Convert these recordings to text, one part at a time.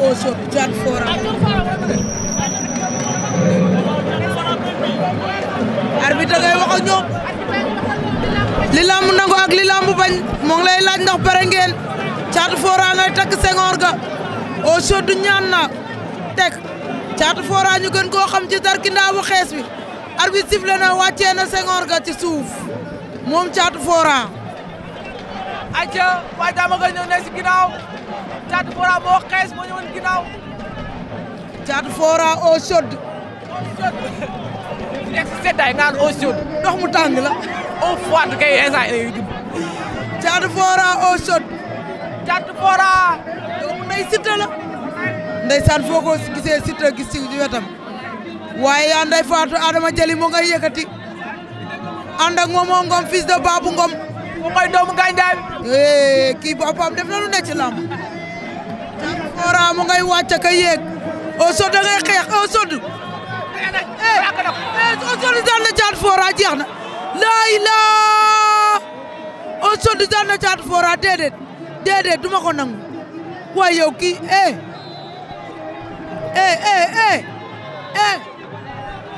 aujourd'hui, tu as le forum. arbitre ngay wax ak ñoom nangu ak li lamb bañ moo lay laaj ndax pare ngeen caatu foora ngay takk sengoor ga au chaud ñaan na teg caatu foora ñu gën koo xam ci tarkindaa bu xees bi arbitre sifflé na wàccee na sengoor ga ci suuf moom caatu foora acca waay dama nga ne si ginnaaw Fora moo xees moo ñëwoon ginnaaw. Caatu Fora eau chaude. eau chaude. di nekk si seddaay naan eau chaude. ndox mu tàng la. eau froide kay instant yii lay dund. Caatu Fora eau chaude. Caatu Fora. doomu ndey Siteu la. ndeysaan foo ko gisee Siteu gis ci wetam. waaye yaa nday Faatu Adama Jali moo ngay yëkkati. ànd ak moom moo Ngom fils de Babou Ngom. moom mooy doomu gaañ daay. Eh, kii boppam def na lu ne ci lamb. Kora mu ngay wàcc ka yéeg Eusodd da ngay xeex Eusodd. Eusodd eh, eh, daan na Thiat Fora jeex na. laay laa Eusodd daan na Thiat Fora déedéet déedéet du ma ko nangu waaye yow kii eh. eh eh eh eh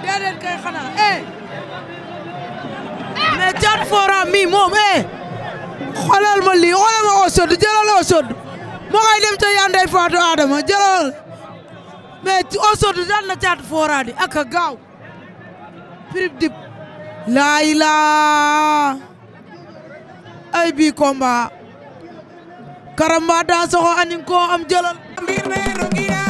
déedéet kay xanaa eh. mais Thiat Fora mi moom eh. xoolal ma lii xoolal ma Eusodd jëlal Eusodd. moo koy dem ca Yandey Fatou Adama jëlool mais au sotti daan na caatu fooraadi ak gaaw prib dib laay laa ay bii combat karamba daa soxo anin ko am jëlool